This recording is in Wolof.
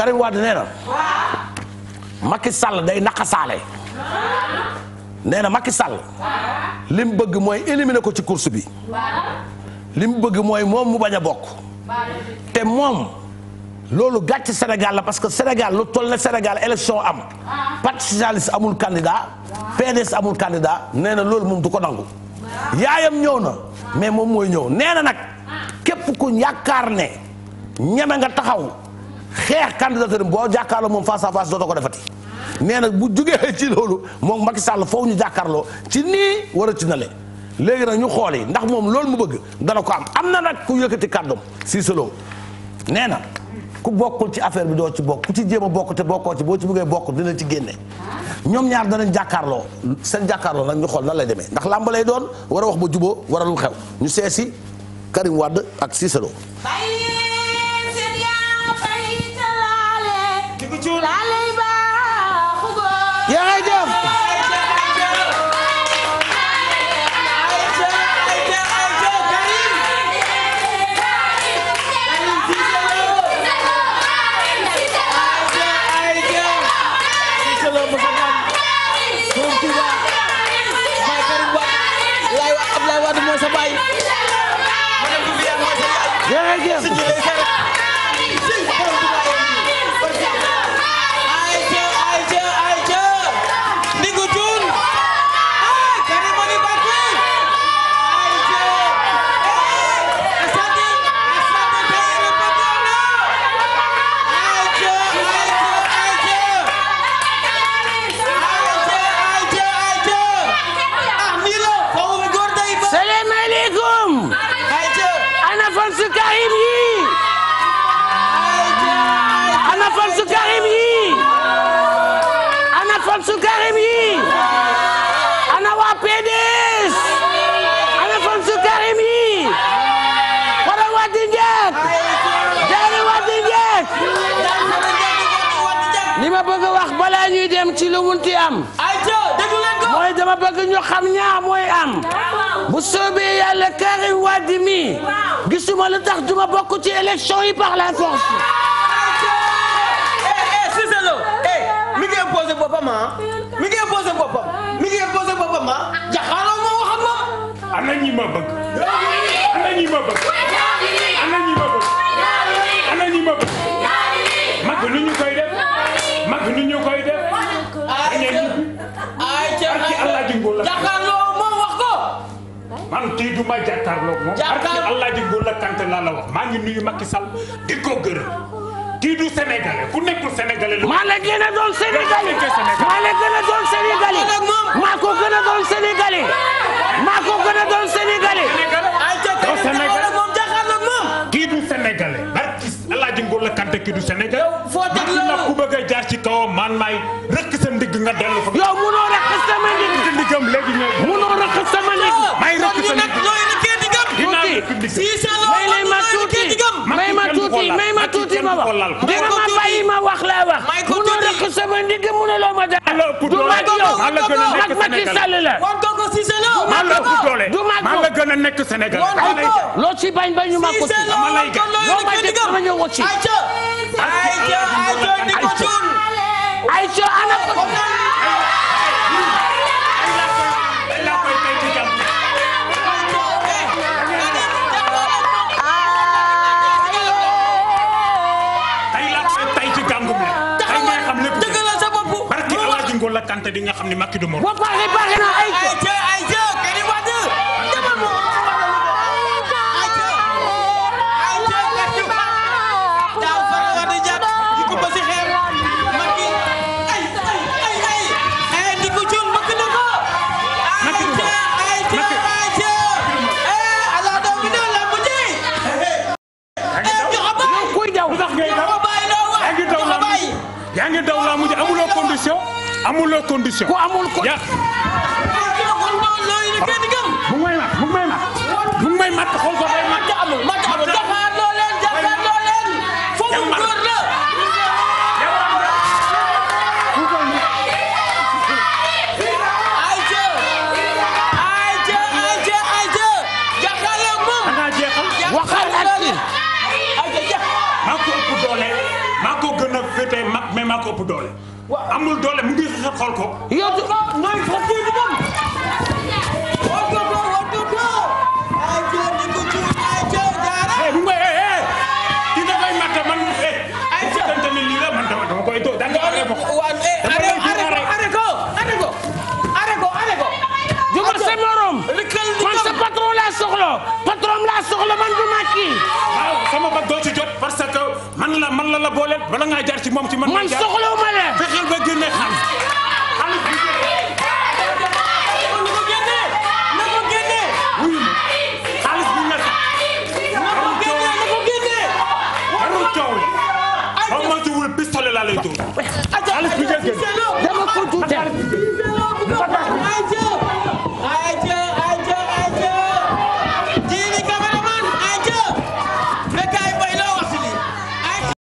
Karim Wade nee na Macky sàll day naqasaale nee na Macky Sall li bëgg mooy éliminer ko ci course bi li mu bëgg mooy moom mu bañ a bokk te moom loolu gàcc Sénégal la parce que Sénégal lu toll na Sénégal élection am parti socialiste amul candidat PDS amul candidat nee na loolu moom du ko nangu yaayam ñëw na mais moom mooy ñëw nee na nag képp ku yaakaar ne ñeme nga taxaw xeex candidature boo jàkkaarloo moom face à face ko defati nee na bu jugee ci loolu moom Macky Sall foofu ñu jàkkaarloo ci nii war a ci nale léegi nag ñu xool yi ndax moom loolu mu bëgg dana ko am am na nag ku yëkkati kàddoom si solo nee na ku bokkul ci affaire bi doo ci bokk ku ci jéem a bokk te bokkoo ci boo ci bëggee bokk dina ci génne ñoom ñaar danañ jàkkaarloo seen jàkkaarloo nag ñu xool nan lay demee ndax làmb lay doon war a wax ba juboo waralul xew ñu seesi Karim Wade ak Cissé Big June. Karim ana fan su Karim yi ana fan su Karim yi ana waa PDS ana fan su Karim yi wara waa Dinguet jaari waa Dinguet li ma bëgg wax balaa ñuy dem ci lu am mooy dama bëgg ñu xam ñaa mooy am bu soobee yàlla Karim Wade mi gisuma lu tax duma bokk ci élection yi par la force. eh, eh si c'est lo eh, mi ngi imposé boppam ah mi mi ngi imposé boppam ah ma wax ak ma. man kii du ma jàkkaarloog moom. jàkkaarloog ak allah ji góor la kante laa la wax maa ngi nuyu Macky Sall di ko gërëm kii du sénégalais ku nekkul sénégalais. maa la gën a doon sénégalais maa la gën a doon sénégalais maa ko gën a doon sénégalais maa ko gën a doon sénégalais. doo sénégalais moom jàkkaarloog moom. kii du sénégalais. barki allah ji góor la kante kii du sénégalais. foo teg la ku bëgg a jaar ci kawam man maay rëkk sa ndigg nga dellu fa. ko lal ko. ma bàyyi ma wax laa wax. munoo rëkk sama ndigg munaloo ma dara. du mag yow mag Macky Sall la. du mag yow. gën a nekk Sénégal. loo ci bañ bañu ma ko ci. ma lay gën. ma ñëw ci. combattante bi nga xam ne Macky du moom. boo paree pare na ay jë ay jë Karim Wade demal mu yaa ngi daw laa mujj amuloo condition amuloo condition. ku amul ko yàq. bu may mat bu may mat. bu may mat xool ko day mat. amul mat amul jàppandoo leen jàppandoo leen. foofu góor la. maa ko ëpp doole maa ko gën a féetee mag ko ëpp doole. waaw amul doole mu ngi xeex xool ko. yow du ah nooy fas yéene du bon. patron laa soxla man du ma kii. waaw sama mag doo ci jot parce que man la man la la booleel bala ngaa jaar ci moom ci man. man soxla